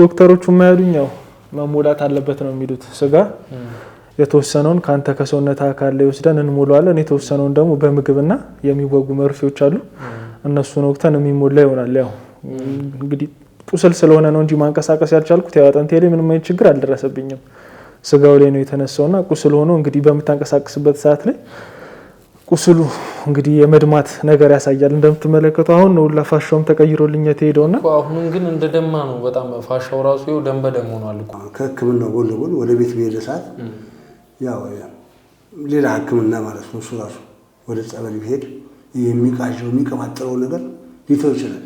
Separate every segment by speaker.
Speaker 1: ዶክተሮቹ የማያሉኝ ያው መሞላት አለበት ነው የሚሉት። ስጋ የተወሰነውን ከአንተ ከሰውነት አካል ላይ ወስደን እንሞላዋለን። የተወሰነውን ደግሞ በምግብና የሚወጉ መርፌዎች አሉ፣ እነሱን ወቅተን የሚሞላ ይሆናል። ያው እንግዲህ ቁስል ስለሆነ ነው እንጂ ማንቀሳቀስ ያልቻልኩት ያው አጥንቴ ላይ ምንም አይነት ችግር አልደረሰብኝም። ስጋው ላይ ነው የተነሳውና ቁስል ሆኖ እንግዲህ በምታንቀሳቀስበት ሰዓት ላይ ቁስሉ እንግዲህ የመድማት ነገር ያሳያል። እንደምትመለከቱ አሁን ነው ሁላ ፋሻውም ተቀይሮልኝ የተሄደውና
Speaker 2: አሁንም ግን እንደ ደማ ነው። በጣም ፋሻው ራሱ ይኸው ደም በደም ሆኗል።
Speaker 3: ከሕክምና ጎን ለጎን ወደ ቤት በሄደ ሰዓት ያው ሌላ ህክምና ማለት ነው። እሱ ራሱ ወደ ጸበል ቢሄድ የሚቃዣው የሚቀማጠረው ነገር ሊተው ይችላል።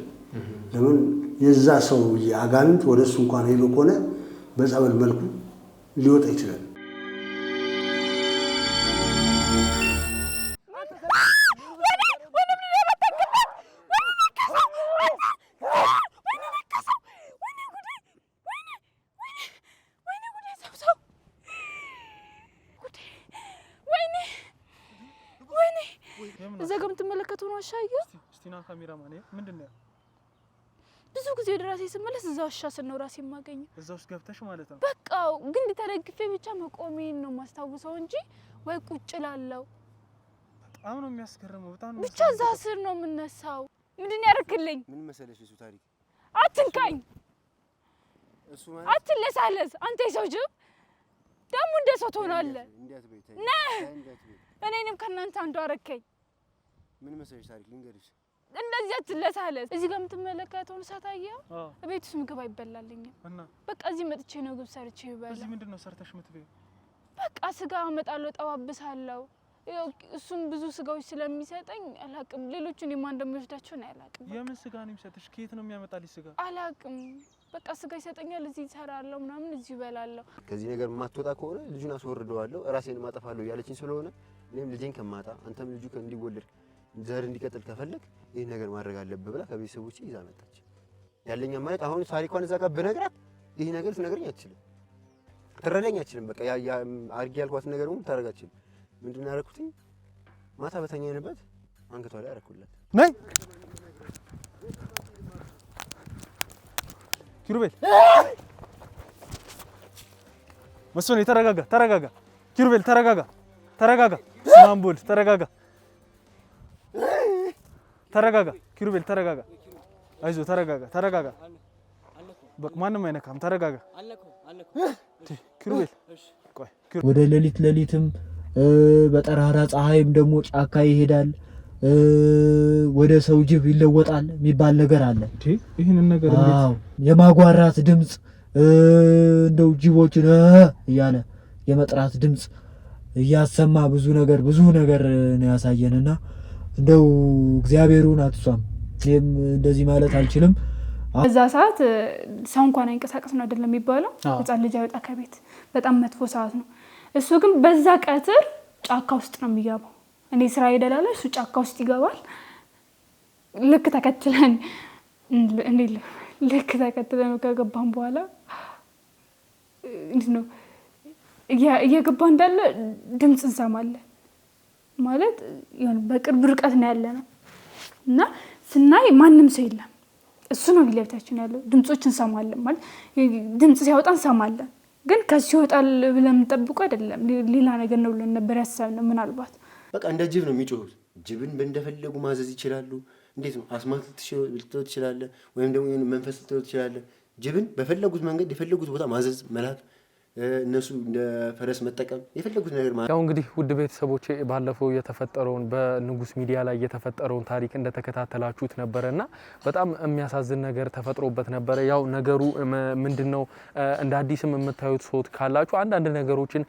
Speaker 3: ለምን የዛ ሰው አጋንንት ወደ እሱ እንኳን ሄዶ ከሆነ በጸበል መልኩ ሊወጣ ይችላል።
Speaker 4: ራሴ ስመለስ እዛው እሻስን ነው ራሴ የማገኘው።
Speaker 1: እዛው ውስጥ ገብተሽ ማለት ነው።
Speaker 4: በቃ ግን ተደግፌ ብቻ መቆሜን ነው የማስታውሰው እንጂ ወይ ቁጭ እላለሁ።
Speaker 1: በጣም ነው የሚያስገርመው። በጣም
Speaker 4: ነው ብቻ እዛ ስር ነው የምነሳው። ምንድን ያደርክልኝ?
Speaker 2: ምን መሰለሽ፣ እሱ ታሪክ
Speaker 4: አትንካኝ፣ እሱ ማለት አትለሳለስ። አንተ የሰው ጅብ ደግሞ እንደ ሰው ትሆናለህ። እኔንም ከእናንተ አንዱ አረከኝ።
Speaker 2: ምን መሰለሽ ታሪክ ልንገርሽ
Speaker 4: እንደዚህ አትለሳለ። እዚህ ጋር የምትመለከተውን ሳታየ ቤት ውስጥ ምግብ አይበላልኝም እና በቃ እዚህ መጥቼ ነው ግብ ሰርቼ
Speaker 1: ይበላል። እዚህ ምንድን ነው ሰርተሽ የምትበይው?
Speaker 4: በቃ ስጋ አመጣለሁ፣ ጠባብሳለሁ። እሱም ብዙ ስጋዎች ስለሚሰጠኝ አላቅም። ሌሎቹን የማን እንደሚወስዳቸው ነው አላቅም።
Speaker 1: የምን ስጋ ነው የሚሰጥሽ? ከየት ነው የሚያመጣልሽ ስጋ?
Speaker 4: አላቅም። በቃ ስጋ ይሰጠኛል፣ እዚህ ይሰራለሁ፣ ምናምን እዚህ ይበላለሁ።
Speaker 2: ከዚህ ነገር የማትወጣ ከሆነ ልጁን አስወርደዋለሁ፣ ራሴን ማጠፋለሁ እያለችኝ ስለሆነ እኔም ልጄን ከማጣ አንተም ልጁ እንዲወለድ ዘር እንዲቀጥል ከፈለግ ይህ ነገር ማድረግ አለብህ ብላ ከቤተሰቦች ይዛ መጣች። ያለኝ ማለት አሁን ታሪኳን እዛ ጋር ብነግራት ይህ ነገር ትነግረኝ አትችልም፣ ትረዳኝ አትችልም። በቃ አድርጌ ያልኳትን ነገር ሁሉ ታደርግ አትችልም። ምንድን ነው ያደረኩትኝ? ማታ በተኛንበት አንገቷ ላይ አደረኩላት።
Speaker 1: ነይ ኪሩቤል፣ መስፍን ተረጋጋ፣ ተረጋጋ። ኪሩቤል ተረጋጋ፣ ተረጋጋ። ስማምቦል ተረጋጋ ተረጋጋ ኪሩቤል ተረጋጋ። አይዞ ተረጋጋ፣ ተረጋጋ። በቃ ማንም አይነካም። ተረጋጋ
Speaker 3: ኪሩቤል። ወደ ሌሊት ሌሊትም በጠራራ ፀሐይም ደግሞ ጫካ ይሄዳል። ወደ ሰው ጅብ ይለወጣል የሚባል ነገር አለ። ይህንን ነገር የማጓራት ድምፅ እንደው ጅቦችን እያለ የመጥራት ድምፅ እያሰማ ብዙ ነገር ብዙ ነገር ነው ያሳየንና እንደው እግዚአብሔሩ ናት እሷም እኔም እንደዚህ ማለት አልችልም።
Speaker 4: እዛ ሰዓት ሰው እንኳን አይንቀሳቀስ ነው አይደለም የሚባለው፣ ህፃን ልጅ አይወጣ ከቤት በጣም መጥፎ ሰዓት ነው። እሱ ግን በዛ ቀትር ጫካ ውስጥ ነው የሚገባው። እኔ ስራ ይደላለ፣ እሱ ጫካ ውስጥ ይገባል። ልክ ተከትለን ልክ ተከትለን ከገባን በኋላ እንዴት ነው እየገባ እንዳለ ድምፅ እንሰማለን ማለት በቅርብ ርቀት ነው ያለ ነው እና ስናይ ማንም ሰው የለም። እሱ ነው ፊት ያለው። ድምፆች እንሰማለን ማለት ድምፅ ሲያወጣ እንሰማለን፣ ግን ከሱ ይወጣል ብለን የምንጠብቀው አይደለም። ሌላ ነገር ነው ብለን ነበር ያሰብነው። ምናልባት
Speaker 2: በቃ እንደ ጅብ ነው የሚጮሁት። ጅብን እንደፈለጉ ማዘዝ ይችላሉ። እንዴት ነው አስማት ልትለው ትችላለህ፣ ወይም ደግሞ መንፈስ ልትለው ትችላለህ። ጅብን በፈለጉት መንገድ የፈለጉት ቦታ ማዘዝ መላክ እነሱ እንደ ፈረስ መጠቀም የፈለጉት ነገር ማለት
Speaker 1: ያው እንግዲህ ውድ ቤተሰቦች ባለፈው የተፈጠረውን በንጉስ ሚዲያ ላይ የተፈጠረውን ታሪክ እንደተከታተላችሁት ነበረ እና በጣም የሚያሳዝን ነገር ተፈጥሮበት ነበረ። ያው ነገሩ ምንድን ነው? እንደ አዲስም የምታዩት ሰት ካላችሁ አንዳንድ ነገሮችን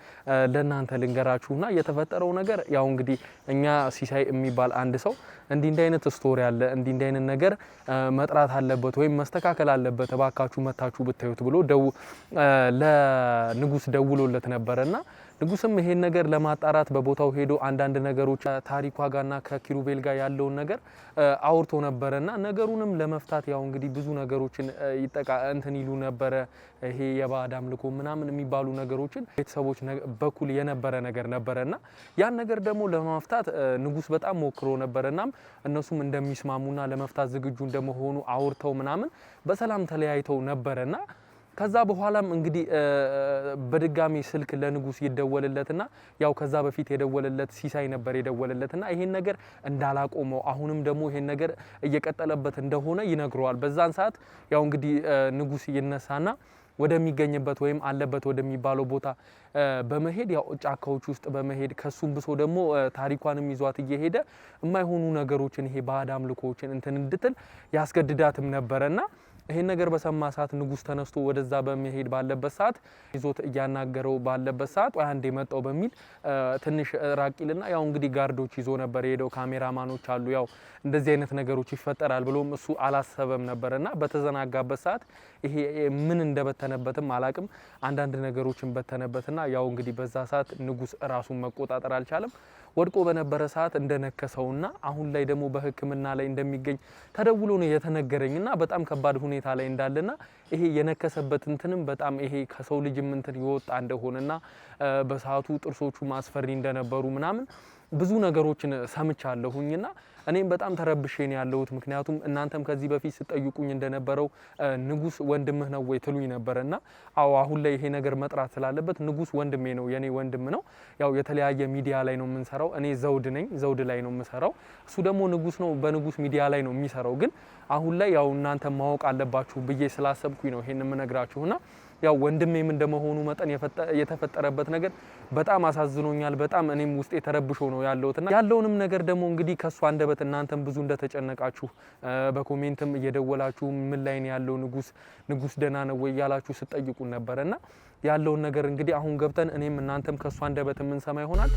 Speaker 1: ለእናንተ ልንገራችሁና የተፈጠረው ነገር ያው እንግዲህ እኛ ሲሳይ የሚባል አንድ ሰው እንዲህ እንዲህ አይነት ስቶሪ አለ እንዲህ እንዲህ አይነት ነገር መጥራት አለበት ወይም መስተካከል አለበት እባካችሁ መታችሁ ብታዩት ብሎ ለንጉስ ደውሎለት ነበረና ንጉስም ይሄን ነገር ለማጣራት በቦታው ሄዶ አንዳንድ ነገሮች ታሪኳ ጋርና ከኪሩቤል ጋር ያለውን ነገር አውርቶ ነበረ እና ነገሩንም ለመፍታት ያው እንግዲህ ብዙ ነገሮችን ይጠቃ እንትን ይሉ ነበረ። ይሄ የባዕድ አምልኮ ምናምን የሚባሉ ነገሮችን ቤተሰቦች በኩል የነበረ ነገር ነበረ እና ያን ነገር ደግሞ ለመፍታት ንጉስ በጣም ሞክሮ ነበረ። እናም እነሱም እንደሚስማሙና ለመፍታት ዝግጁ እንደመሆኑ አውርተው ምናምን በሰላም ተለያይተው ነበረ እና ከዛ በኋላም እንግዲህ በድጋሚ ስልክ ለንጉስ ይደወልለትና ያው ከዛ በፊት የደወልለት ሲሳይ ነበር የደወልለትና ይሄን ነገር እንዳላቆመው አሁንም ደግሞ ይሄን ነገር እየቀጠለበት እንደሆነ ይነግረዋል። በዛን ሰዓት ያው እንግዲህ ንጉስ ይነሳና ወደሚገኝበት ወይም አለበት ወደሚባለው ቦታ በመሄድ ያው ጫካዎች ውስጥ በመሄድ ከሱም ብሶ ደግሞ ታሪኳንም ይዟት እየሄደ የማይሆኑ ነገሮችን ይሄ ባዕድ እንትን እንድትል ያስገድዳትም ነበረና ይሄን ነገር በሰማ ሰዓት ንጉስ ተነስቶ ወደዛ በሚሄድ ባለበት ሰዓት ይዞት እያናገረው ባለበት ሰዓት አንድ የመጣው በሚል ትንሽ ራቂልና ያው እንግዲህ ጋርዶች ይዞ ነበር የሄደው። ካሜራማኖች አሉ። ያው እንደዚህ አይነት ነገሮች ይፈጠራል ብሎም እሱ አላሰበም ነበር እና በተዘናጋበት ሰዓት ይሄ ምን እንደበተነበትም አላቅም። አንዳንድ ነገሮችን በተነበትና ያው እንግዲህ በዛ ሰዓት ንጉስ ራሱን መቆጣጠር አልቻለም። ወድቆ በነበረ ሰዓት እንደነከሰውና አሁን ላይ ደግሞ በሕክምና ላይ እንደሚገኝ ተደውሎ ነው የተነገረኝና በጣም ከባድ ሁኔታ ላይ እንዳለና ይሄ የነከሰበት እንትንም በጣም ይሄ ከሰው ልጅም እንትን የወጣ እንደሆነና በሰዓቱ ጥርሶቹ ማስፈሪ እንደነበሩ ምናምን ብዙ ነገሮችን ሰምቻለሁኝና እኔም በጣም ተረብሼ ነው ያለሁት። ምክንያቱም እናንተም ከዚህ በፊት ስጠይቁኝ እንደነበረው ንጉስ ወንድምህ ነው ወይ ትሉኝ ነበረ እና አዎ፣ አሁን ላይ ይሄ ነገር መጥራት ስላለበት ንጉስ ወንድሜ ነው፣ የኔ ወንድም ነው። ያው የተለያየ ሚዲያ ላይ ነው የምንሰራው። እኔ ዘውድ ነኝ፣ ዘውድ ላይ ነው የምሰራው። እሱ ደግሞ ንጉስ ነው፣ በንጉስ ሚዲያ ላይ ነው የሚሰራው። ግን አሁን ላይ ያው እናንተ ማወቅ አለባችሁ ብዬ ስላሰብኩኝ ነው ይሄን የምነግራችሁና ያው ወንድሜም እንደመሆኑ መጠን የተፈጠረበት ነገር በጣም አሳዝኖኛል። በጣም እኔም ውስጤ ተረብሾ ነው ያለሁትና ያለውንም ነገር ደግሞ እንግዲህ ከሱ አንደበት እናንተም ብዙ እንደተጨነቃችሁ በኮሜንትም እየደወላችሁ ምን ላይ ነው ያለው ንጉስ ንጉስ ደህና ነው ወይ እያላችሁ ስጠይቁን ነበረና ያለውን ነገር እንግዲህ አሁን ገብተን እኔም እናንተም ከሱ አንደበት የምንሰማ ይሆናል።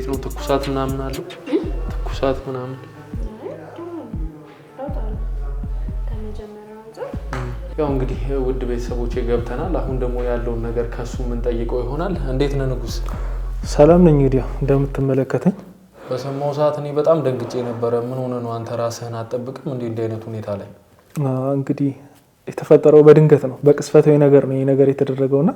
Speaker 2: እንዴት ነው? ትኩሳት ምናምን አለው? ትኩሳት ምናምን ያው እንግዲህ ውድ ቤተሰቦች ገብተናል። አሁን ደግሞ ያለውን ነገር ከሱ የምንጠይቀው ይሆናል። እንዴት ነህ ንጉስ?
Speaker 1: ሰላም ነኝ። እንግዲህ እንደምትመለከተኝ
Speaker 2: በሰማው ሰዓት እኔ በጣም ደንግጬ ነበረ። ምን ሆነ ነው? አንተ ራስህን አትጠብቅም እንዴ? እንዲህ አይነት ሁኔታ ላይ
Speaker 1: እንግዲህ የተፈጠረው በድንገት ነው፣ በቅስፈታዊ ነገር ነው ይህ ነገር የተደረገውና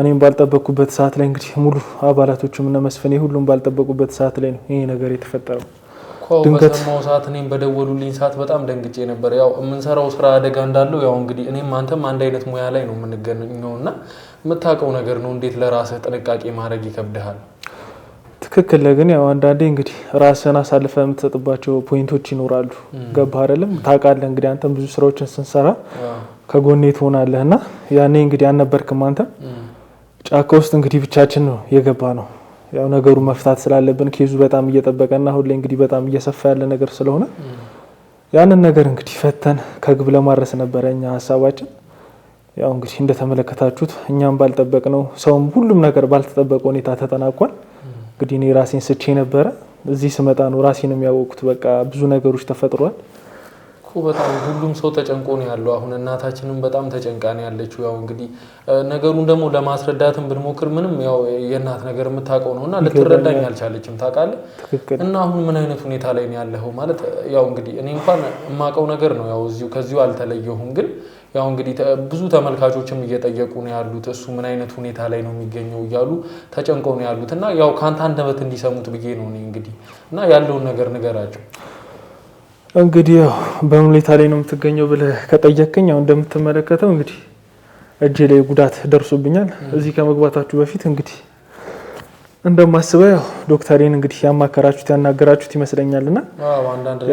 Speaker 1: እኔም ባልጠበቅኩበት ሰዓት ላይ እንግዲህ ሙሉ አባላቶቹም እነ መስፍኔ ሁሉም ባልጠበቁበት ሰዓት ላይ ነው ይሄ ነገር የተፈጠረው።
Speaker 2: በሰማው ሰዓት እኔም በደወሉልኝ ሰዓት በጣም ደንግጬ ነበር። ያው የምንሰራው ስራ አደጋ እንዳለው ያው እንግዲህ እኔም አንተም አንድ አይነት ሙያ ላይ ነው የምንገኘው እና የምታውቀው ነገር ነው። እንዴት ለራስህ ጥንቃቄ ማድረግ ይከብድሃል።
Speaker 1: ትክክል። ግን ያው አንዳንዴ እንግዲህ ራስህን አሳልፈ የምትሰጥባቸው ፖይንቶች ይኖራሉ። ገባህ አይደለም? ታውቃለህ እንግዲህ አንተም ብዙ ስራዎችን ስንሰራ ከጎኔ ትሆናለህ እና ያኔ እንግዲህ አልነበርክም አንተም ጫካ ውስጥ እንግዲህ ብቻችን ነው የገባ ነው። ያው ነገሩ መፍታት ስላለብን ኬዙ በጣም እየጠበቀና አሁን ላይ እንግዲህ በጣም እየሰፋ ያለ ነገር ስለሆነ ያንን ነገር እንግዲህ ፈተን ከግብ ለማድረስ ነበረ እኛ ሀሳባችን። ያው እንግዲህ እንደተመለከታችሁት እኛም ባልጠበቅ ነው ሰውም ሁሉም ነገር ባልተጠበቀ ሁኔታ ተጠናቋል። እንግዲህ እኔ ራሴን ስቼ ነበረ። እዚህ ስመጣ ነው ራሴንም ያወቅኩት። በቃ ብዙ ነገሮች ተፈጥሯል።
Speaker 2: በጣም ሁሉም ሰው ተጨንቆ ነው ያለው። አሁን እናታችንም በጣም ተጨንቃ ነው ያለችው። ያው እንግዲህ ነገሩን ደግሞ ለማስረዳትም ብንሞክር ምንም ያው የእናት ነገር የምታውቀው ነው እና ልትረዳኝ አልቻለችም። ታውቃለህ። እና አሁን ምን አይነት ሁኔታ ላይ ነው ያለኸው? ማለት ያው እንግዲህ እኔ እንኳን የማውቀው ነገር ነው ያው እዚሁ ከዚሁ አልተለየሁም ግን ያው እንግዲህ ብዙ ተመልካቾችም እየጠየቁ ነው ያሉት እሱ ምን አይነት ሁኔታ ላይ ነው የሚገኘው እያሉ ተጨንቀው ነው ያሉት። እና ያው ከአንተ አንደበት እንዲሰሙት ብዬ ነው እኔ እንግዲህ እና ያለውን ነገር ንገራቸው።
Speaker 1: እንግዲህ ያው በምን ሁኔታ ላይ ነው የምትገኘው ብለህ ከጠየቅኝ ያው እንደምትመለከተው እንግዲህ እጄ ላይ ጉዳት ደርሶብኛል። እዚህ ከመግባታችሁ በፊት እንግዲህ እንደማስበው ያው ዶክተሬን እንግዲህ ያማከራችሁት ያናገራችሁት ይመስለኛልና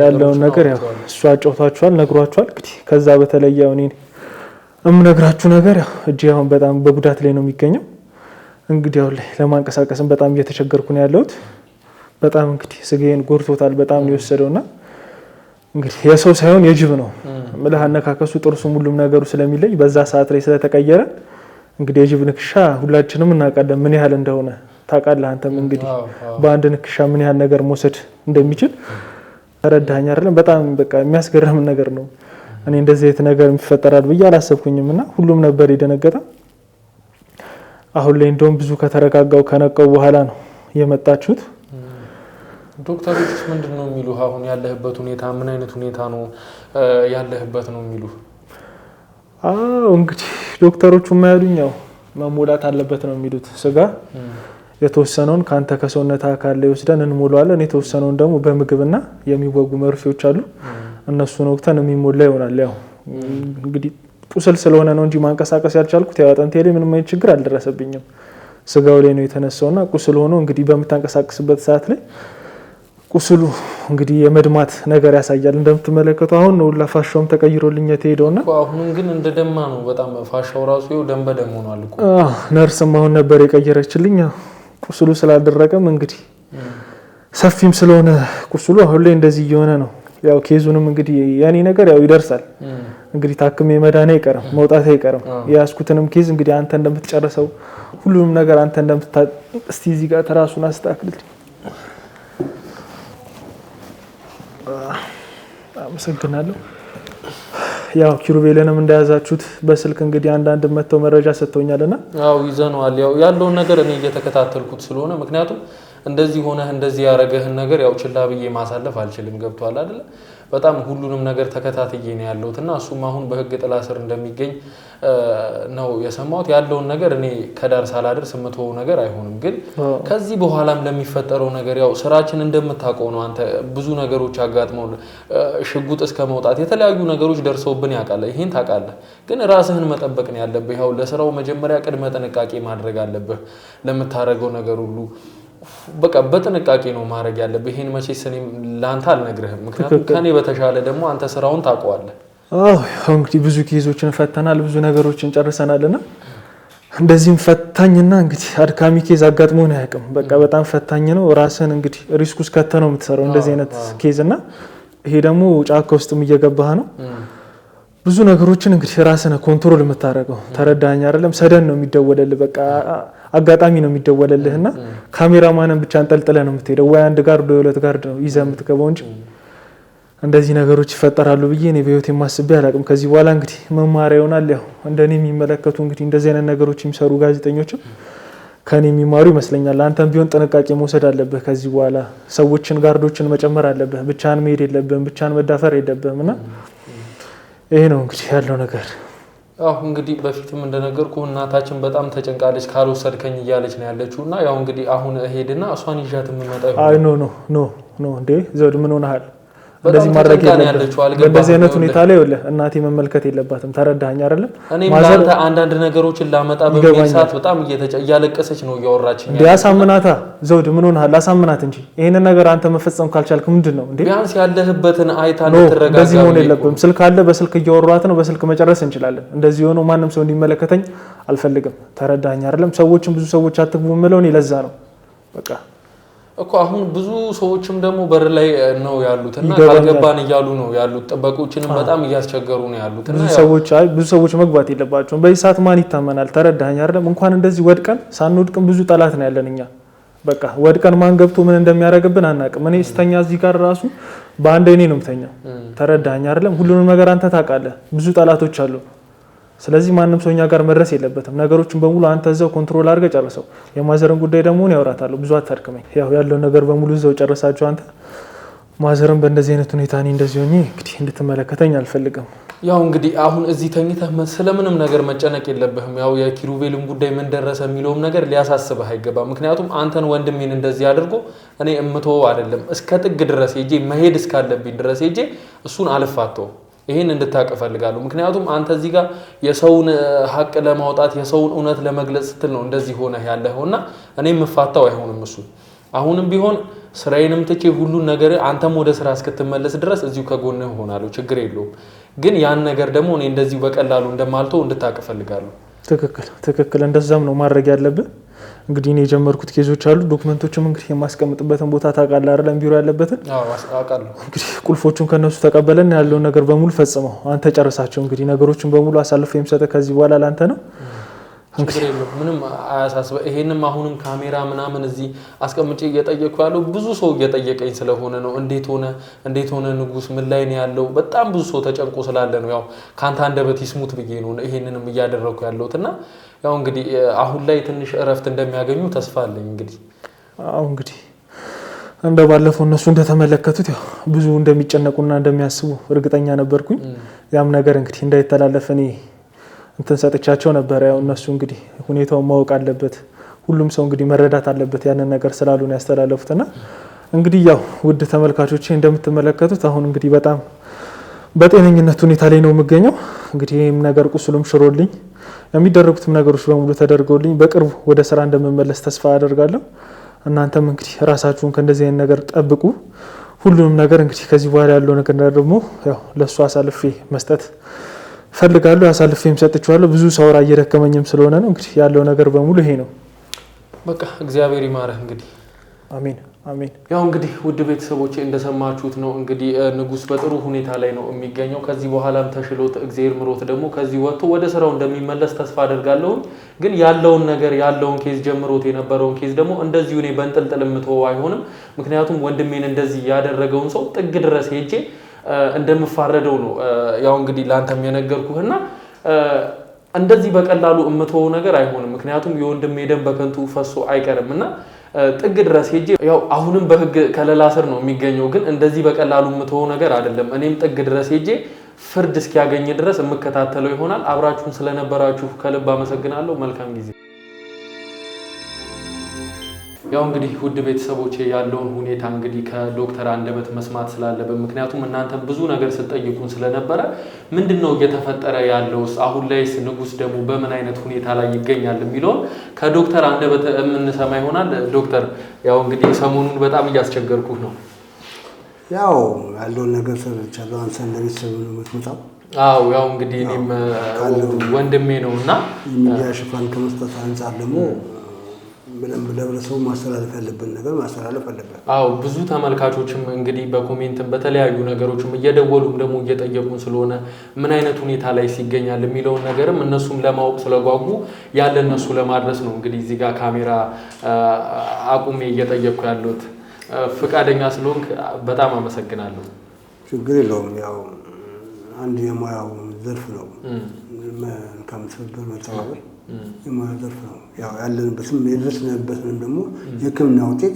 Speaker 1: ያለውን ነገር ያው እሷ አጫውታችኋል፣ ነግሯችኋል። እንግዲህ ከዛ በተለየ ያው እኔ እምነግራችሁ ነገር ያው እጄ አሁን በጣም በጉዳት ላይ ነው የሚገኘው። እንግዲህ ያው ላይ ለማንቀሳቀስም በጣም እየተቸገርኩ ነው ያለሁት። በጣም እንግዲህ ስጋዬን ጎርቶታል በጣም ነው የወሰደውና እንግዲህ የሰው ሳይሆን የጅብ ነው ምልህ አነካከሱ፣ ጥርሱም፣ ሁሉም ነገሩ ስለሚለይ በዛ ሰዓት ላይ ስለተቀየረ እንግዲህ የጅብ ንክሻ ሁላችንም እናውቃለን ምን ያህል እንደሆነ ታውቃለህ። አንተም እንግዲህ በአንድ ንክሻ ምን ያህል ነገር መውሰድ እንደሚችል ተረዳኸኝ አይደለም? በጣም በቃ የሚያስገርም ነገር ነው። እኔ እንደዚህ አይነት ነገር የሚፈጠራል ብዬ አላሰብኩኝም እና ሁሉም ነበር የደነገጠ። አሁን ላይ እንደውም ብዙ ከተረጋጋው ከነቀው በኋላ ነው የመጣችሁት
Speaker 2: ዶክተሮች ምንድን ነው የሚሉ አሁን ያለህበት ሁኔታ ምን አይነት ሁኔታ ነው ያለህበት ነው የሚሉ?
Speaker 1: አዎ እንግዲህ ዶክተሮቹ የማያሉኝ ያው መሞላት አለበት ነው የሚሉት። ስጋ የተወሰነውን ከአንተ ከሰውነት አካል ላይ ወስደን እንሞላዋለን። የተወሰነውን ደግሞ በምግብና የሚወጉ መርፌዎች አሉ እነሱን ወቅተን የሚሞላ ይሆናል። ያው እንግዲህ ቁስል ስለሆነ ነው እንጂ ማንቀሳቀስ ያልቻልኩት ያው አጥንቴ ላይ ምንም አይነት ችግር አልደረሰብኝም። ስጋው ላይ ነው የተነሳውና ቁስል ሆኖ እንግዲህ በምታንቀሳቀስበት ሰዓት ላይ ቁስሉ እንግዲህ የመድማት ነገር ያሳያል። እንደምትመለከቱ አሁን ነው ሁላ ፋሻውም ተቀይሮልኝ የተሄደውና
Speaker 2: አሁን ግን እንደ ደማ ነው። በጣም ፋሻው ራሱ ደም በደም ሆኗል።
Speaker 1: ነርስም አሁን ነበር የቀየረችልኝ። ቁስሉ ስላልደረቀም እንግዲህ ሰፊም ስለሆነ ቁስሉ አሁን ላይ እንደዚህ እየሆነ ነው። ያው ኬዙንም እንግዲህ የኔ ነገር ያው ይደርሳል እንግዲህ ታክሜ መዳን አይቀርም፣ መውጣት አይቀርም። የያዝኩትንም ኬዝ እንግዲህ አንተ እንደምትጨርሰው ሁሉንም ነገር አንተ እንደምታ እስቲ እዚህ ጋር ተራሱን አስተካክልልኝ አመሰግናለሁ። ያው ኪሩቤልንም እንደያዛችሁት በስልክ እንግዲህ አንዳንድ መጥተው መረጃ ሰጥተውኛል እና
Speaker 2: ይዘነዋል። ያው ያለውን ነገር እኔ እየተከታተልኩት ስለሆነ ምክንያቱም እንደዚህ ሆነህ እንደዚህ ያደረገህን ነገር ያው ችላ ብዬ ማሳለፍ አልችልም። ገብቷል አይደለ? በጣም ሁሉንም ነገር ተከታትዬ ነው ያለሁት እና እሱም አሁን በህግ ጥላ ስር እንደሚገኝ ነው የሰማሁት። ያለውን ነገር እኔ ከዳር ሳላደርስ የምትወው ነገር አይሆንም። ግን ከዚህ በኋላም ለሚፈጠረው ነገር ያው ስራችን እንደምታውቀው ነው። አንተ ብዙ ነገሮች አጋጥመው ሽጉጥ እስከ መውጣት የተለያዩ ነገሮች ደርሰውብን ያውቃለ። ይህን ታውቃለህ። ግን ራስህን መጠበቅ ነው ያለብህ። ያው ለስራው መጀመሪያ ቅድመ ጥንቃቄ ማድረግ አለብህ ለምታደርገው ነገር ሁሉ በቃ በጥንቃቄ ነው ማድረግ ያለብህ። ይሄን መቼ ስኔ ለአንተ አልነግርህም፣ ምክንያቱም ከኔ በተሻለ ደግሞ አንተ ስራውን ታውቀዋለህ።
Speaker 1: እንግዲህ ብዙ ኬዞችን ፈተናል፣ ብዙ ነገሮችን ጨርሰናል እና እንደዚህም ፈታኝና እንግዲህ አድካሚ ኬዝ አጋጥሞን አያውቅም። በቃ በጣም ፈታኝ ነው። ራስን እንግዲህ ሪስክ ውስጥ ከተህ ነው የምትሰራው እንደዚህ አይነት ኬዝ እና ይሄ ደግሞ ጫካ ውስጥም እየገባህ ነው ብዙ ነገሮችን እንግዲህ ራስን ኮንትሮል የምታደርገው ተረዳኝ አይደለም። ሰደን ነው የሚደወለልህ፣ በቃ አጋጣሚ ነው የሚደወለልህ እና ካሜራማንን ብቻ አንጠልጥለ ነው የምትሄደው። ወይ አንድ ጋር ወይ ሁለት ጋር ነው ይዘ የምትገባው እንጂ እንደዚህ ነገሮች ይፈጠራሉ ብዬ እኔ በህይወት የማስቤ አላቅም። ከዚህ በኋላ እንግዲህ መማሪያ ይሆናል። ያው እንደኔ የሚመለከቱ እንግዲህ እንደዚህ አይነት ነገሮች የሚሰሩ ጋዜጠኞችም ከኔ የሚማሩ ይመስለኛል። አንተም ቢሆን ጥንቃቄ መውሰድ አለብህ። ከዚህ በኋላ ሰዎችን ጋርዶችን መጨመር አለብህ። ብቻን መሄድ የለብህም። ብቻን መዳፈር የለብህም እና ይሄ ነው እንግዲህ ያለው ነገር።
Speaker 2: ያው እንግዲህ በፊትም እንደነገርኩ እናታችን በጣም ተጨንቃለች፣ ካልወሰድከኝ እያለች ነው ያለችው። እና ያው እንግዲህ አሁን እሄድና እሷን ይዣት የምመጣ
Speaker 1: ኖ ኖ ኖ እንዴ ዘውድ ምን ሆነሃል? እንደዚህ ማድረግ የለበትም። በእንደዚህ አይነት ሁኔታ ላይ ይኸውልህ እናቴ መመልከት የለባትም። ተረዳኸኝ አይደለም?
Speaker 2: እኔም ለአንተ አንዳንድ ነገሮችን ላመጣ በሚል ሰዓት በጣም እያለቀሰች ነው እያወራችኝ።
Speaker 1: እንደ አሳምናታ ዘውድ ምን ሆነሃል? አሳምናት እንጂ ይሄንን ነገር አንተ መፈጸም ካልቻልክ ምንድን ነው እንዴ?
Speaker 2: ቢያንስ ያለህበትን አይታ
Speaker 1: ልትረጋጋ። እንደዚህ መሆን የለብህም። ስልክ አለ፣ በስልክ እያወሯት ነው፣ በስልክ መጨረስ እንችላለን። እንደዚህ ሆኖ ማንም ሰው እንዲመለከተኝ አልፈልግም። ተረዳኸኝ አይደለም? ሰዎችን ብዙ ሰዎች አትግቡ የምለው እኔ ለዛ ነው በቃ
Speaker 2: እኮ አሁን ብዙ ሰዎችም ደግሞ በር ላይ ነው ያሉት እና ካልገባን እያሉ ነው ያሉት። ጠበቆችንም በጣም እያስቸገሩ ነው ያሉት።
Speaker 1: ብዙ ሰዎች አይ ብዙ ሰዎች መግባት የለባቸውም። በዚህ ሰዓት ማን ይታመናል? ተረዳኝ አይደለም? እንኳን እንደዚህ ወድቀን ሳንወድቅን ብዙ ጠላት ነው ያለን እኛ። በቃ ወድቀን ማን ገብቶ ምን እንደሚያደርግብን አናውቅም። እኔ ስተኛ እዚህ ጋር ራሱ በአንድ እኔ ነው የምተኛው። ተረዳኝ አይደለም? ሁሉንም ነገር አንተ ታውቃለህ። ብዙ ጠላቶች አሉ። ስለዚህ ማንም ሰው እኛ ጋር መድረስ የለበትም። ነገሮችን በሙሉ አንተ እዛው ኮንትሮል አድርገህ ጨርሰው። የማዘርን ጉዳይ ደግሞ እኔ አወራታለሁ፣ ብዙ አታድክመኝ። ያው ያለው ነገር በሙሉ እዛው ጨርሳችሁ አንተ ማዘርን በእንደዚህ አይነት ሁኔታ እኔ እንደዚህ ሆኜ እንግዲህ እንድትመለከተኝ አልፈልግም።
Speaker 2: ያው እንግዲህ አሁን እዚህ ተኝተህ ስለምንም ነገር መጨነቅ የለብህም። ያው የኪሩቤልም ጉዳይ ምን ደረሰ የሚለውም ነገር ሊያሳስብህ አይገባም። ምክንያቱም አንተን ወንድሜን እንደዚህ አድርጎ እኔ እምቶ አይደለም እስከ ጥግ ድረስ ሄጄ መሄድ እስካለብኝ ድረስ ሄጄ እሱን አልፋተውም ይህን እንድታቅ እፈልጋለሁ። ምክንያቱም አንተ እዚህ ጋር የሰውን ሀቅ ለማውጣት የሰውን እውነት ለመግለጽ ስትል ነው እንደዚህ ሆነ ያለኸው እና እኔ የምፋታው አይሆንም እሱ አሁንም ቢሆን ስራዬንም ትቼ ሁሉን ነገር አንተም ወደ ስራ እስክትመለስ ድረስ እዚሁ ከጎን እሆናለሁ። ችግር የለውም። ግን ያን ነገር ደግሞ እኔ እንደዚሁ በቀላሉ እንደማልተው እንድታቅ እፈልጋለሁ።
Speaker 1: ትክክል፣ ትክክል። እንደዛም ነው ማድረግ ያለብህ። እንግዲህ እኔ የጀመርኩት ኬዞች አሉ። ዶክመንቶችም እንግዲህ የማስቀምጥበትን ቦታ ታውቃለህ አይደለም? ቢሮ ያለበትን
Speaker 2: እንግዲህ
Speaker 1: ቁልፎቹን ከነሱ ተቀበለን ያለውን ነገር በሙሉ ፈጽመው አንተ ጨርሳቸው። እንግዲህ ነገሮችን በሙሉ አሳልፎ የሚሰጠ ከዚህ በኋላ ላንተ ነው።
Speaker 2: ችግር ምንም አያሳስበ። ይሄንም አሁንም ካሜራ ምናምን እዚህ አስቀምጬ እየጠየቅኩ ያለው ብዙ ሰው እየጠየቀኝ ስለሆነ ነው። እንዴት ሆነ እንዴት ሆነ ንጉስ፣ ምን ላይ ነው ያለው? በጣም ብዙ ሰው ተጨንቆ ስላለ ነው። ያው ከአንተ አንደበት ይስሙት ብዬ ነው ይሄንንም እያደረግኩ ያለሁት እና ያው እንግዲህ አሁን ላይ ትንሽ እረፍት እንደሚያገኙ ተስፋ አለኝ። እንግዲህ
Speaker 1: አሁ እንግዲህ እንደ ባለፈው እነሱ እንደተመለከቱት ያው ብዙ እንደሚጨነቁና እንደሚያስቡ እርግጠኛ ነበርኩኝ። ያም ነገር እንግዲህ እንዳይተላለፍ እኔ እንትን ሰጥቻቸው ነበረ። ያው እነሱ እንግዲህ ሁኔታውን ማወቅ አለበት፣ ሁሉም ሰው እንግዲህ መረዳት አለበት ያንን ነገር ስላሉ ነው ያስተላለፉትና እንግዲህ ያው ውድ ተመልካቾች እንደምትመለከቱት አሁን እንግዲህ በጣም በጤነኝነት ሁኔታ ላይ ነው የምገኘው። እንግዲህ ይህም ነገር ቁስሉም ሽሮልኝ የሚደረጉትም ነገሮች በሙሉ ተደርገውልኝ በቅርቡ ወደ ስራ እንደምመለስ ተስፋ አደርጋለሁ። እናንተም እንግዲህ ራሳችሁን ከእንደዚህ አይነት ነገር ጠብቁ። ሁሉንም ነገር እንግዲህ ከዚህ በኋላ ያለው ነገር ደግሞ ያው ለእሱ አሳልፌ መስጠት ፈልጋለሁ አሳልፌም ሰጥቼዋለሁ። ብዙ ሳውራ እየደከመኝም ስለሆነ ነው። እንግዲህ ያለው ነገር በሙሉ ይሄ ነው።
Speaker 2: በቃ እግዚአብሔር ይማረህ። እንግዲህ
Speaker 1: አሜን አሜን።
Speaker 2: ያው እንግዲህ ውድ ቤተሰቦች እንደሰማችሁት ነው። እንግዲህ ንጉስ በጥሩ ሁኔታ ላይ ነው የሚገኘው። ከዚህ በኋላም ተሽሎት እግዚአብሔር ምሮት ደግሞ ከዚህ ወጥቶ ወደ ስራው እንደሚመለስ ተስፋ አደርጋለሁ። ግን ያለውን ነገር ያለውን ኬዝ ጀምሮት የነበረውን ኬዝ ደግሞ እንደዚሁ እኔ በእንጥልጥል የምትወው አይሆንም። ምክንያቱም ወንድሜን እንደዚህ ያደረገውን ሰው ጥግ ድረስ ሄጄ እንደምፋረደው ነው ያው እንግዲህ ለአንተም የነገርኩህና እንደዚህ በቀላሉ እምትወው ነገር አይሆንም። ምክንያቱም የወንድሜ ደም በከንቱ ፈሶ አይቀርም እና ጥግ ድረስ ሄጄ ያው አሁንም በህግ ከለላ ስር ነው የሚገኘው፣ ግን እንደዚህ በቀላሉ የምትወው ነገር አይደለም። እኔም ጥግ ድረስ ሄጄ ፍርድ እስኪያገኝ ድረስ የምከታተለው ይሆናል። አብራችሁን ስለነበራችሁ ከልብ አመሰግናለሁ። መልካም ጊዜ ያው እንግዲህ ውድ ቤተሰቦቼ ያለውን ሁኔታ እንግዲህ ከዶክተር አንደበት መስማት ስላለበት፣ ምክንያቱም እናንተ ብዙ ነገር ስትጠይቁን ስለነበረ ምንድን ነው እየተፈጠረ ያለውስ አሁን ላይስ ንጉስ ደግሞ በምን አይነት ሁኔታ ላይ ይገኛል የሚለውን ከዶክተር አንደበት የምንሰማ ይሆናል። ዶክተር ያው እንግዲህ ሰሞኑን በጣም እያስቸገርኩ ነው።
Speaker 3: ያው ያለውን ነገር ሰርቻለሁ። አንተ እንደ ነው የምትመጣው።
Speaker 2: ያው እንግዲህ እኔም ወንድሜ ነው እና
Speaker 3: የሚዲያ ሽፋን ከመስጠት አንጻር ደግሞ ምንም ለህብረተሰቡ ማስተላለፍ ያለብን ነገር ማስተላለፍ አለብን።
Speaker 2: አዎ ብዙ ተመልካቾችም እንግዲህ በኮሜንትም በተለያዩ ነገሮችም እየደወሉም ደግሞ እየጠየቁን ስለሆነ ምን አይነት ሁኔታ ላይ ሲገኛል የሚለውን ነገርም እነሱም ለማወቅ ስለጓጉ ያለ እነሱ ለማድረስ ነው እንግዲህ እዚህ ጋር ካሜራ አቁሜ እየጠየቅኩ ያሉት። ፍቃደኛ ስለሆንክ በጣም አመሰግናለሁ።
Speaker 3: ችግር የለውም። ያው አንድ የሙያው ዘርፍ ነው መልካም ትብብር መተባበር የሙያ ነው። ያው ያለንበትም የደረስንበትንም ደግሞ የህክምና ውጤት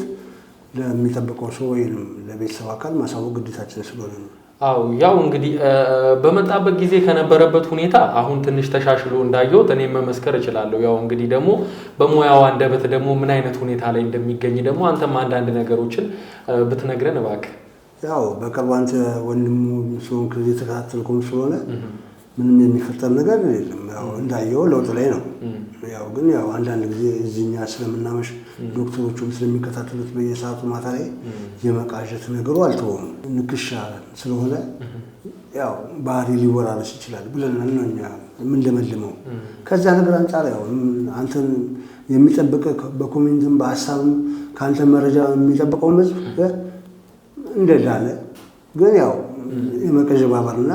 Speaker 3: ለሚጠብቀው ሰው ወይም ለቤተሰብ አካል ማሳወቅ ግዴታችን ስለሆነ ነው።
Speaker 2: አው ያው እንግዲህ በመጣበት ጊዜ ከነበረበት ሁኔታ አሁን ትንሽ ተሻሽሎ እንዳየሁት እኔም መመስከር እችላለሁ። ያው እንግዲህ ደግሞ በሙያው አንደበት ደግሞ ምን አይነት ሁኔታ ላይ እንደሚገኝ ደግሞ አንተም አንዳንድ ነገሮችን ብትነግረን እባክህ።
Speaker 3: ያው በቅርብ አንተ ወንድሙ ስለሆንክ የተከታተልኩም ስለሆነ ምንም የሚፈጠር ነገር የለም። ያው እንዳየው ለውጥ ላይ ነው። ያው ግን ያው አንዳንድ ጊዜ እዚህኛ ስለምናመሽ ዶክተሮቹም ስለሚከታተሉት በየሰዓቱ ማታ ላይ የመቃዠት ነገሩ አልተወም። ንክሻ ስለሆነ ያው ባህሪ ሊወራረስ ይችላል ብለን ነው እኛ የምንደመልመው። ከዛ ነገር አንጻር ያው አንተን የሚጠብቅ በኮሚኒቲም በሀሳብም ከአንተ መረጃ የሚጠብቀው ህዝብ እንደዳለ ግን ያው የመቀዥባበርና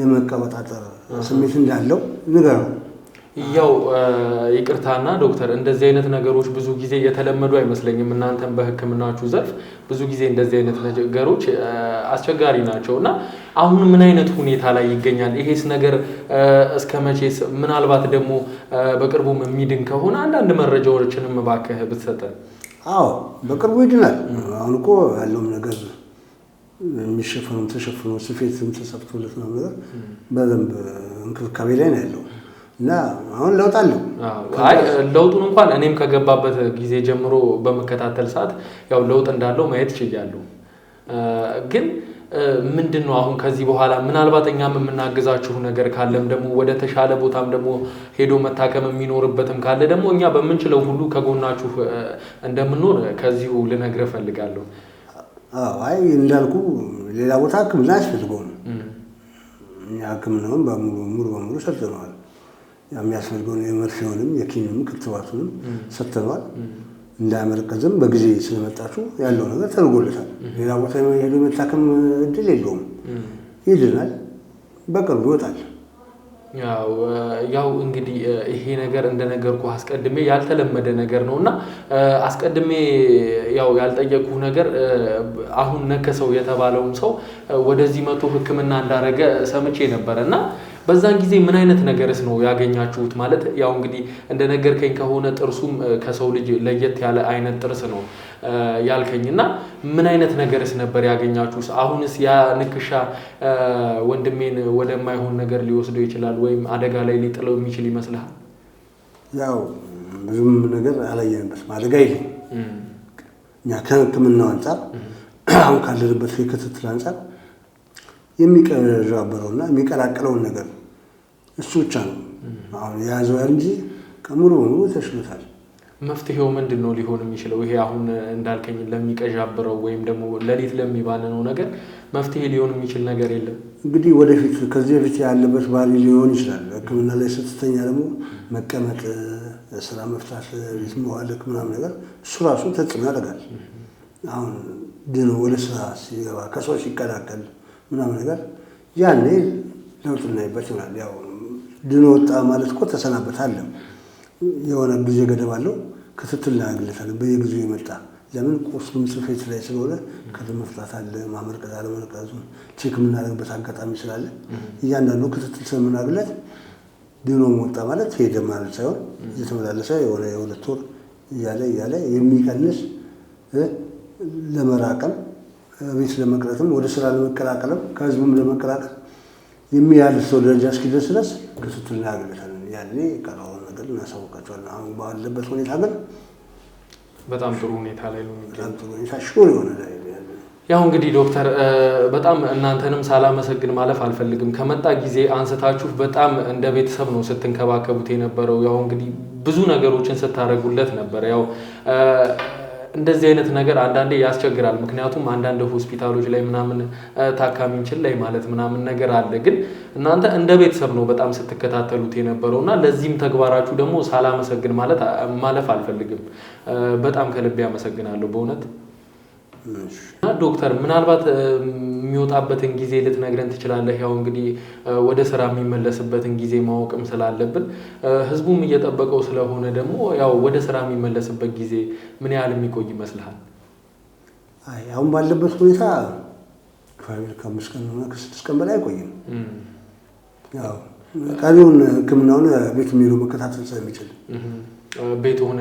Speaker 3: የመቀበጣጠር ስሜት እንዳለው ንገረው።
Speaker 2: ያው ይቅርታና ዶክተር፣ እንደዚህ አይነት ነገሮች ብዙ ጊዜ የተለመዱ አይመስለኝም። እናንተም በሕክምናችሁ ዘርፍ ብዙ ጊዜ እንደዚህ አይነት ነገሮች አስቸጋሪ ናቸው እና አሁን ምን አይነት ሁኔታ ላይ ይገኛል? ይሄስ ነገር እስከ መቼስ? ምናልባት ደግሞ በቅርቡም የሚድን ከሆነ አንዳንድ መረጃዎችንም እባክህ ብትሰጠን።
Speaker 3: አዎ፣ በቅርቡ ይድናል። አሁን እኮ ያለውም ነገር የሚሸፈኑ ተሸፍኖ ስፌትም ተሰፍቶለት ነው ነገር በደንብ እንክብካቤ ላይ ነው ያለው እና አሁን ለውጥ አለው።
Speaker 2: አይ ለውጡን እንኳን እኔም ከገባበት ጊዜ ጀምሮ በመከታተል ሰዓት ያው ለውጥ እንዳለው ማየት ችያለሁ። ግን ምንድን ነው አሁን ከዚህ በኋላ ምናልባት እኛም የምናግዛችሁ ነገር ካለም ደግሞ ወደ ተሻለ ቦታም ደግሞ ሄዶ መታከም የሚኖርበትም ካለ ደግሞ እኛ በምንችለው ሁሉ ከጎናችሁ እንደምኖር ከዚሁ ልነግር እፈልጋለሁ።
Speaker 3: አይ እንዳልኩ ሌላ ቦታ ሕክምና አያስፈልገውም። እኛ ሕክምናውን ሙሉ በሙሉ ሰጥተነዋል። የሚያስፈልገውን የመርፌውንም የኪኒንም ክትባቱንም ሰጥተነዋል። እንዳያመረቀዝም በጊዜ ስለመጣችሁ ያለው ነገር ተደርጎለታል። ሌላ ቦታ ሄዶ የመታከም እድል የለውም። ይድናል፣ በቅርቡ ይወጣል።
Speaker 2: ያው እንግዲህ ይሄ ነገር እንደነገርኩ አስቀድሜ ያልተለመደ ነገር ነው እና አስቀድሜ ያው ያልጠየቅኩህ ነገር አሁን ነከሰው የተባለውን ሰው ወደዚህ መቶ ህክምና እንዳረገ ሰምቼ ነበረ እና በዛን ጊዜ ምን አይነት ነገርስ ነው ያገኛችሁት? ማለት ያው እንግዲህ እንደነገርከኝ ከሆነ ጥርሱም ከሰው ልጅ ለየት ያለ አይነት ጥርስ ነው ያልከኝ እና ምን አይነት ነገርስ ነበር ያገኛችሁስ? አሁንስ ያ ንክሻ ወንድሜን ወደማይሆን ነገር ሊወስደው ይችላል ወይም አደጋ ላይ ሊጥለው የሚችል ይመስልሃል?
Speaker 3: ያው ብዙም ነገር አላየንበት አደጋ የለም። እኛ ከሕክምናው አንጻር አሁን ካለንበት ክትትል አንጻር የሚቀባበረውና የሚቀላቅለውን ነገር እሱ ብቻ ነው አሁን የያዘው እንጂ ከሙሉ በሙሉ ተሽሎታል።
Speaker 2: መፍትሄው ምንድን ነው ሊሆን የሚችለው? ይሄ አሁን እንዳልከኝ ለሚቀዣብረው ወይም ደግሞ ሌሊት ለሚባለነው ነገር መፍትሄ ሊሆን የሚችል ነገር የለም።
Speaker 3: እንግዲህ ወደፊት ከዚህ በፊት ያለበት ባህሪ ሊሆን ይችላል። ሕክምና ላይ ስትተኛ ደግሞ መቀመጥ፣ ስራ መፍታት፣ ቤት መዋልክ ምናምን ነገር እሱ ራሱ ተጽዕኖ ያደርጋል። አሁን ድኖ ወደ ስራ ሲገባ ከሰው ሲቀላቀል ምናምን ነገር ያኔ ለውጥ እናይበት ይሆናል ያው ድኖ ወጣ ማለት እኮ ተሰናበት አለ። የሆነ ጊዜ ገደብ አለው። ክትትል እናደርግለታለን በየጊዜው ይመጣ ለምን ቁስሉም ጽፌት ላይ ስለሆነ ከዚህ መፍታት አለ ማመርቀዝ አለመርቀዙ ቼክ የምናደርግበት አጋጣሚ ስላለ እያንዳንዱ ክትትል ስለምናደርግለት ድኖ ወጣ ማለት ሄደ ማለት ሳይሆን እየተመላለሰ የሆነ የሁለት ወር እያለ እያለ የሚቀንስ ለመራቀም ቤት ለመቅረትም ወደ ስራ ለመቀላቀልም ከህዝብም ለመቀላቀል የሚያልሰው ደረጃ እስኪደርስ ድረስ ክትትል እናደርግበታለን። ያኔ ቀረውን ነገር እናሳውቃቸዋለን። አሁን ባለበት ሁኔታ ግን በጣም ጥሩ ሁኔታ ላይ ነው። ጥሩ ሁኔታ ሹር የሆነ ላይ ያው እንግዲህ ዶክተር በጣም እናንተንም ሳላመሰግን ማለፍ አልፈልግም። ከመጣ ጊዜ አንስታችሁ በጣም እንደ ቤተሰብ ነው ስትንከባከቡት የነበረው። ያው እንግዲህ ብዙ ነገሮችን ስታደርጉለት ነበር ያው እንደዚህ አይነት ነገር አንዳንዴ ያስቸግራል። ምክንያቱም አንዳንድ ሆስፒታሎች ላይ ምናምን ታካሚንችን ላይ ማለት ምናምን ነገር አለ። ግን እናንተ እንደ ቤተሰብ ነው በጣም ስትከታተሉት የነበረው እና ለዚህም ተግባራችሁ ደግሞ ሳላመሰግን ማለት ማለፍ አልፈልግም። በጣም ከልቤ አመሰግናለሁ በእውነት እና ዶክተር ምናልባት የሚወጣበትን ጊዜ ልትነግረን ትችላለህ? ያው እንግዲህ ወደ ስራ የሚመለስበትን ጊዜ ማወቅም ስላለብን ህዝቡም እየጠበቀው ስለሆነ ደግሞ ያው ወደ ስራ የሚመለስበት ጊዜ ምን ያህል የሚቆይ ይመስልሃል? አሁን ባለበት ሁኔታ ፋሚል ከአምስት ቀን ሆነ ከስድስት ቀን በላይ አይቆይም። ቀሪውን ህክምናውን ቤት የሚሄዱ መከታተል ስለሚችል ቤት ሆነ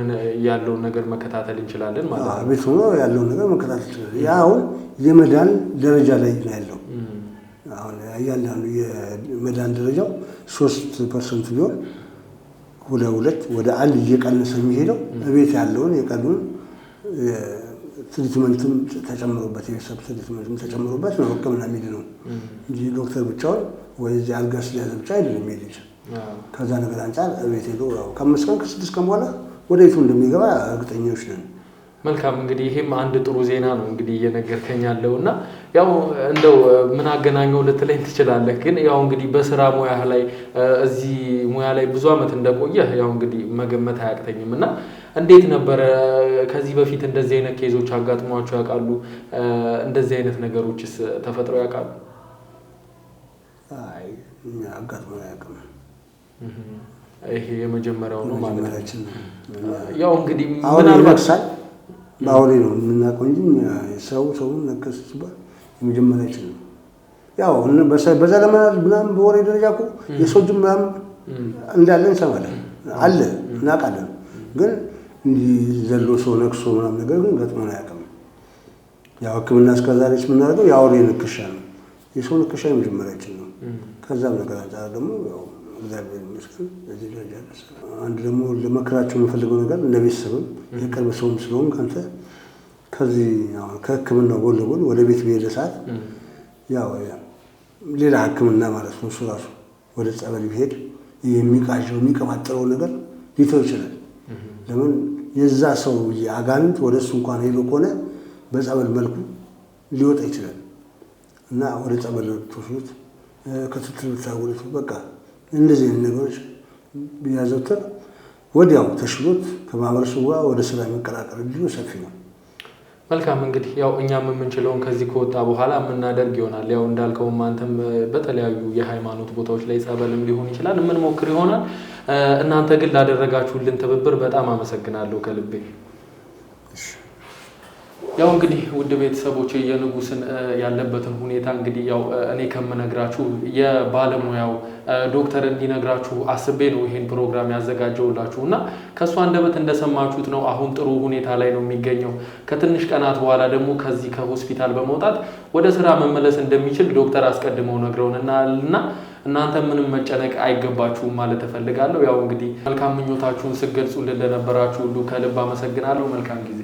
Speaker 3: ያለውን ነገር መከታተል እንችላለን ማለት ነው። ቤት ሆኖ ያለውን ነገር መከታተል እንችላለን። ያ አሁን የመዳን ደረጃ ላይ ነው ያለው። አሁን እያንዳንዱ የመዳን ደረጃው ሶስት ፐርሰንት ቢሆን ወደ ሁለት ወደ አንድ እየቀነሰ የሚሄደው ቤት ያለውን የቀዱን ትሪትመንትም ተጨምሮበት የቤተሰብ ትሪትመንትም ተጨምሮበት ነው ህክምና የሚድ ነው እንጂ ዶክተር ብቻውን ወደዚህ አልጋ ስለያዘ ብቻ አይደለም የሚሄድ ከዛ ነገር አንጻር ቤት ሄዶ ከአምስት ቀን ከስድስት ቀን በኋላ ወደ ቤቱ እንደሚገባ እርግጠኞች ነን። መልካም እንግዲህ ይህም አንድ ጥሩ ዜና ነው። እንግዲህ እየነገርከኝ ያለው እና ያው እንደው ምን አገናኘው ልትለኝ ትችላለህ። ግን ያው እንግዲህ በስራ ሙያ ላይ እዚህ ሙያ ላይ ብዙ ዓመት እንደቆየ ያው እንግዲህ መገመት አያቅተኝም እና እንዴት ነበረ? ከዚህ በፊት እንደዚህ አይነት ኬዞች አጋጥሟቸው ያውቃሉ? እንደዚህ አይነት ነገሮችስ ተፈጥረው ያውቃሉ? አጋጥሞ አያውቅም። ይሄ የመጀመሪያው ነው ማለት ነው። ያው እንግዲህ ምናልባት በአውሬ ነው የምናውቀው እንጂ ሰው ሰውን ለቀስ ሲባል የመጀመሪያችን ነው። ያው በዛ ምናምን በወሬ ደረጃ እኮ የሰው እጅ ምናምን እንዳለ እንሰማለን አለ እናውቃለን። ግን እንዲህ ዘሎ ሰው ነክሶ ምናምን ነገር ግን ገጥሞን አያውቅም። ያው ሕክምና እስከዛሬች የምናደርገው የአውሬ ንክሻ ነው። የሰው ንክሻ የመጀመሪያችን ነው። ከዛም ነገር አንጻር ደግሞ ያው እግዚአብሔር ይመስገን እዚህ ደረጃ ደረሰ። አንድ ደግሞ ለመከራቸው የምፈልገው ነገር እንደ ቤተሰብም የቅርብ ሰውም ስለሆን ከአንተ ከዚህ ከህክምናው ጎን ለጎን ወደ ቤት በሄደ ሰዓት ያው ሌላ ህክምና ማለት ነው እሱ ራሱ ወደ ጸበል ቢሄድ የሚቃው የሚቀባጥረው ነገር ሊተው ይችላል። ለምን የዛ ሰው አጋንንት ወደ እሱ እንኳን ሄዶ ከሆነ በጸበል መልኩ ሊወጣ ይችላል እና ወደ ጸበል ትወስዱት ክትትል ብታጎሉት በቃ እንደዚህ ነገሮች ቢያዘውትር ወዲያው ተሽሎት ከማህበረሰቡ ጋር ወደ ስራ የመቀላቀል እድሉ ሰፊ ነው። መልካም እንግዲህ ያው እኛም የምንችለውን ከዚህ ከወጣ በኋላ የምናደርግ ይሆናል። ያው እንዳልከውም አንተም በተለያዩ የሃይማኖት ቦታዎች ላይ ጸበልም ሊሆን ይችላል የምንሞክር ይሆናል። እናንተ ግን ላደረጋችሁልን ትብብር በጣም አመሰግናለሁ ከልቤ። ያው እንግዲህ ውድ ቤተሰቦች የንጉስን ያለበትን ሁኔታ እንግዲህ ያው እኔ ከምነግራችሁ የባለሙያው ዶክተር እንዲነግራችሁ አስቤ ነው ይሄን ፕሮግራም ያዘጋጀውላችሁ እና ከእሱ አንደበት እንደሰማችሁት ነው። አሁን ጥሩ ሁኔታ ላይ ነው የሚገኘው። ከትንሽ ቀናት በኋላ ደግሞ ከዚህ ከሆስፒታል በመውጣት ወደ ስራ መመለስ እንደሚችል ዶክተር አስቀድመው ነግረውን እና እናንተ ምንም መጨነቅ አይገባችሁም ማለት እፈልጋለሁ። ያው እንግዲህ መልካም ምኞታችሁን ስገልጹልን ለነበራችሁ ሁሉ ከልብ አመሰግናለሁ። መልካም ጊዜ